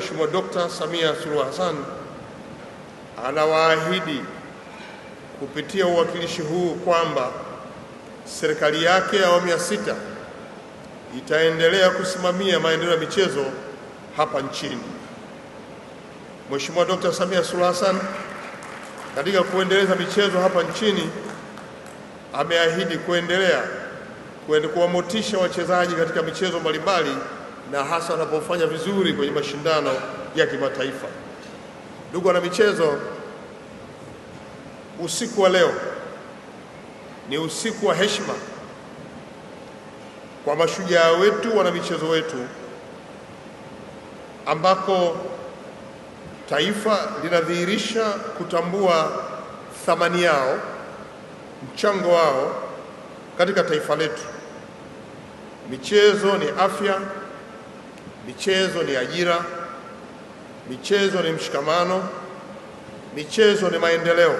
Mheshimiwa Dkt. Samia Suluhu Hassan anawaahidi kupitia uwakilishi huu kwamba serikali yake ya awamu ya sita itaendelea kusimamia maendeleo ya michezo hapa nchini. Mheshimiwa Dkt. Samia Suluhu Hassan katika kuendeleza michezo hapa nchini ameahidi kuendelea kuwamotisha wachezaji katika michezo mbalimbali na hasa wanapofanya vizuri kwenye mashindano ya kimataifa. Ndugu wana michezo, usiku wa leo ni usiku wa heshima kwa mashujaa wetu, wana michezo wetu, ambako taifa linadhihirisha kutambua thamani yao, mchango wao katika taifa letu. Michezo ni afya Michezo ni ajira, michezo ni mshikamano, michezo ni maendeleo,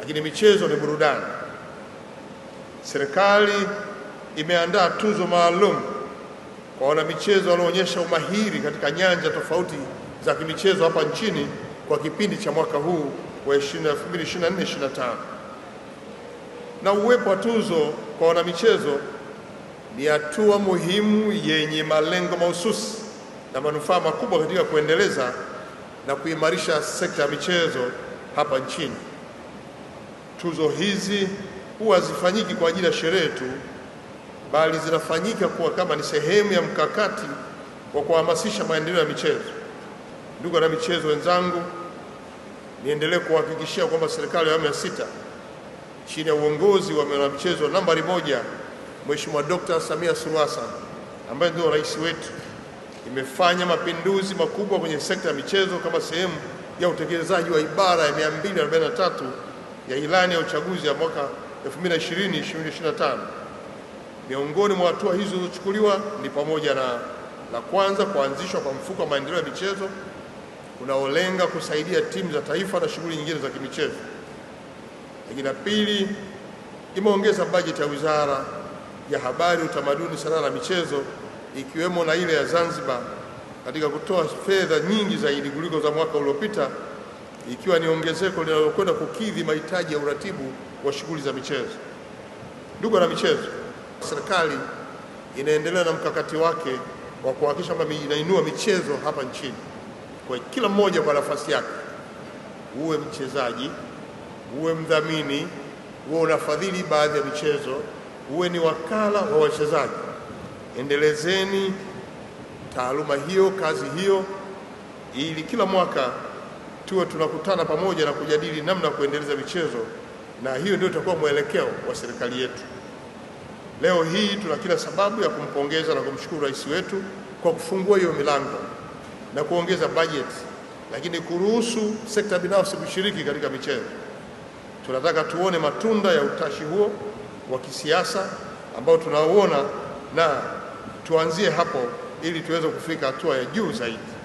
lakini michezo ni burudani. Serikali imeandaa tuzo maalum kwa wanamichezo walioonyesha umahiri katika nyanja tofauti za kimichezo hapa nchini kwa kipindi cha mwaka huu wa 2024/2025 na uwepo wa tuzo kwa wanamichezo ni hatua muhimu yenye malengo mahususi na manufaa makubwa katika kuendeleza na kuimarisha sekta ya michezo hapa nchini. Tuzo hizi huwa hazifanyiki kwa ajili ya sherehe tu, bali zinafanyika kuwa kama ni sehemu ya mkakati wa kuhamasisha maendeleo ya michezo. Ndugu na michezo wenzangu, niendelee kuhakikishia kwamba serikali ya awamu ya sita chini ya uongozi wa mwanamichezo nambari moja Mheshimiwa Dkt. Samia Suluhu Hassan ambaye ndio rais wetu imefanya mapinduzi makubwa kwenye sekta ya michezo kama sehemu ya utekelezaji wa ibara ya 243 ya ilani ya uchaguzi ya mwaka 2020 2025. Miongoni mwa hatua hizo zilizochukuliwa ni pamoja na la kwanza, kuanzishwa kwa mfuko wa maendeleo ya michezo unaolenga kusaidia timu za taifa na shughuli nyingine za kimichezo. Lakini la pili, imeongeza bajeti ya wizara ya habari, utamaduni, sanaa na michezo ikiwemo na ile ya Zanzibar katika kutoa fedha nyingi zaidi kuliko za mwaka uliopita ikiwa ni ongezeko linalokwenda kukidhi mahitaji ya uratibu wa shughuli za michezo. Ndugu na michezo, serikali inaendelea na mkakati wake wa kuhakikisha kwamba inainua michezo hapa nchini kwa kila mmoja kwa nafasi yake, uwe mchezaji, uwe mdhamini, uwe unafadhili baadhi ya michezo uwe ni wakala wa wachezaji. Endelezeni taaluma hiyo, kazi hiyo, ili kila mwaka tuwe tunakutana pamoja na kujadili namna ya kuendeleza michezo, na hiyo ndio itakuwa mwelekeo wa serikali yetu. Leo hii tuna kila sababu ya kumpongeza na kumshukuru rais wetu kwa kufungua hiyo milango na kuongeza bajeti, lakini kuruhusu sekta binafsi kushiriki katika michezo. Tunataka tuone matunda ya utashi huo wa kisiasa ambao tunauona, na tuanzie hapo ili tuweze kufika hatua ya juu zaidi.